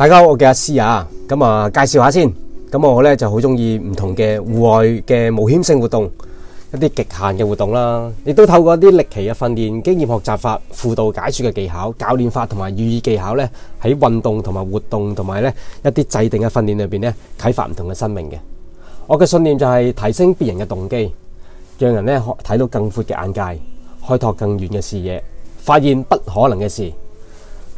大家好，我叫阿師啊，咁啊介紹下先。咁我咧就好中意唔同嘅戶外嘅冒險性活動，一啲極限嘅活動啦。亦都透過一啲歷奇嘅訓練、經驗學習法、輔導解說嘅技巧、教練法同埋寓意技巧咧，喺運動同埋活動同埋咧一啲制定嘅訓練裏邊咧，啟發唔同嘅生命嘅。我嘅信念就係提升別人嘅動機，讓人咧睇到更闊嘅眼界，開拓更遠嘅視野，發現不可能嘅事。